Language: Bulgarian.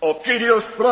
o Kyrios Prodis.